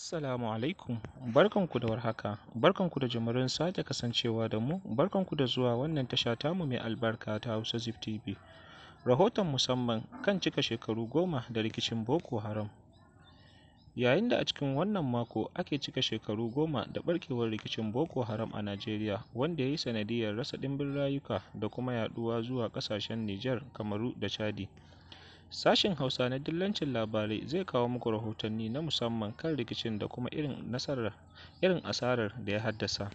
Assalamu alaikum, barkanku da warhaka, barkanku da jimirin sake kasancewa da mu, barkanku da zuwa wannan tasha tamu mai albarka ta Hausa Zip TV. Rahoton musamman kan cika shekaru goma da rikicin Boko Haram. Yayin da a cikin wannan mako ake cika shekaru goma da barkewar rikicin Boko Haram a Najeriya wanda ya yi sanadiyar rasa ɗimbin rayuka da kuma yaɗuwa zuwa ƙasashen Nijar, Kamaru da Chadi. Sashen Hausa na dillancin labarai zai kawo muku rahotanni na musamman kan rikicin da kuma irin asarar da ya haddasa.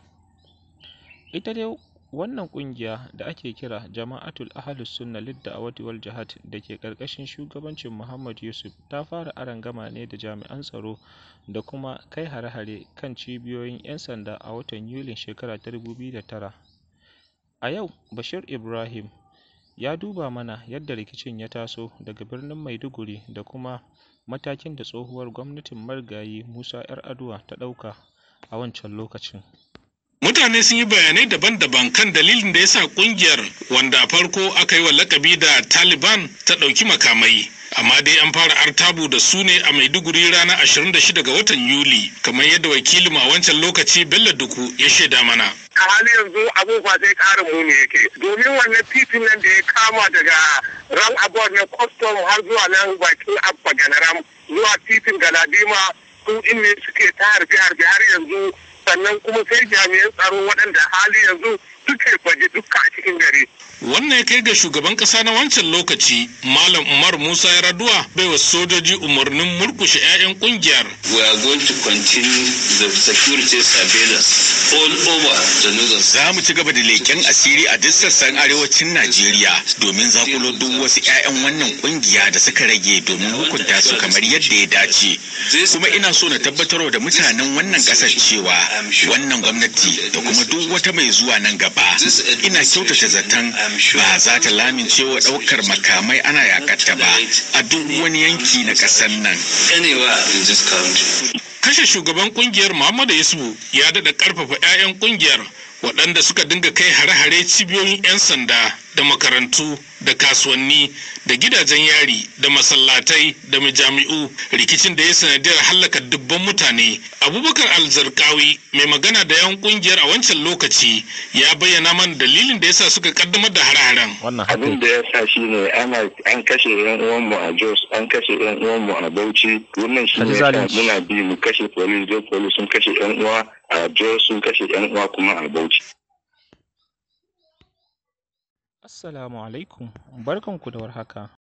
Ita dai wannan ƙungiya da ake kira Jama'atul Ahlus sunna Lid-Da'awati wal Jihad da ke ƙarƙashin shugabancin Muhammad Yusuf ta fara arangama ne da jami'an tsaro da kuma kai hare-hare kan cibiyoyin 'yan sanda a watan Yulin shekara ta 2009. A yau, Bashir Ibrahim. Ya duba mana yadda rikicin ya taso daga birnin Maiduguri da kuma matakin da tsohuwar gwamnatin Marigayi Musa 'Yar'aduwa ta ɗauka a wancan lokacin. Mutane sun yi bayanai daban-daban kan dalilin da ya sa kungiyar wanda a farko aka yi wa lakabi da Taliban ta ɗauki makamai. Amma dai an fara artabu da su ne a Maiduguri ranar 26 ga watan Yuli, kamar yadda wakilin a wancan lokaci Bello Duku ya shaida mana. a hali yanzu abubuwa zai ƙara muni yake domin wannan titin nan da ya kama daga ran abuwa na kwastom har zuwa nan bakin abba ganaram zuwa titin galadima su in ne suke ta harbe harbe har yanzu sannan kuma sai jami'an tsaro waɗanda hali yanzu suke kwaje dukka a cikin gari. Wannan ya kai ga shugaban ƙasa na wancan lokaci, Malam Umar Musa ya raduwa bai wa sojoji umarnin murkushe 'ya'yan kungiyar. We are going to continue the security surveillance all over the northern Za mu ci gaba da leken asiri a duk sassan arewacin Najeriya domin zakulo duk wasu 'ya'yan wannan kungiya da suka rage domin hukunta su kamar yadda ya dace. Kuma ina so na tabbatar da mutanen wannan kasar cewa wannan gwamnati da kuma duk wata mai zuwa nan gaba ina kyautata zaton ba za ta lamincewa ɗaukar makamai ana yakatta ba a duk wani yanki na ƙasar nan. Kashe shugaban kungiyar Muhammadu Yusufu ya daɗa ƙarfafa 'ya'yan kungiyar waɗanda suka dinga kai hare-hare cibiyoyin 'yan sanda da makarantu da kasuwanni da gidajen yari da masallatai da majami'u rikicin da ya sanadiyar hallaka dubban mutane abubakar alzarkawi mai magana da yan kungiyar a wancan lokaci ya bayyana man dalilin da ya sa suka kaddamar da hare-haren abin da ya sa shi ne an kashe yan uwanmu a jos an kashe yan uwanmu a bauchi wannan shi ne muna bi mu kashe polis don polis sun kashe yan uwa a jo sun kashe yan uwa kuma a bauchi assalamu alaikum barkanku da warhaka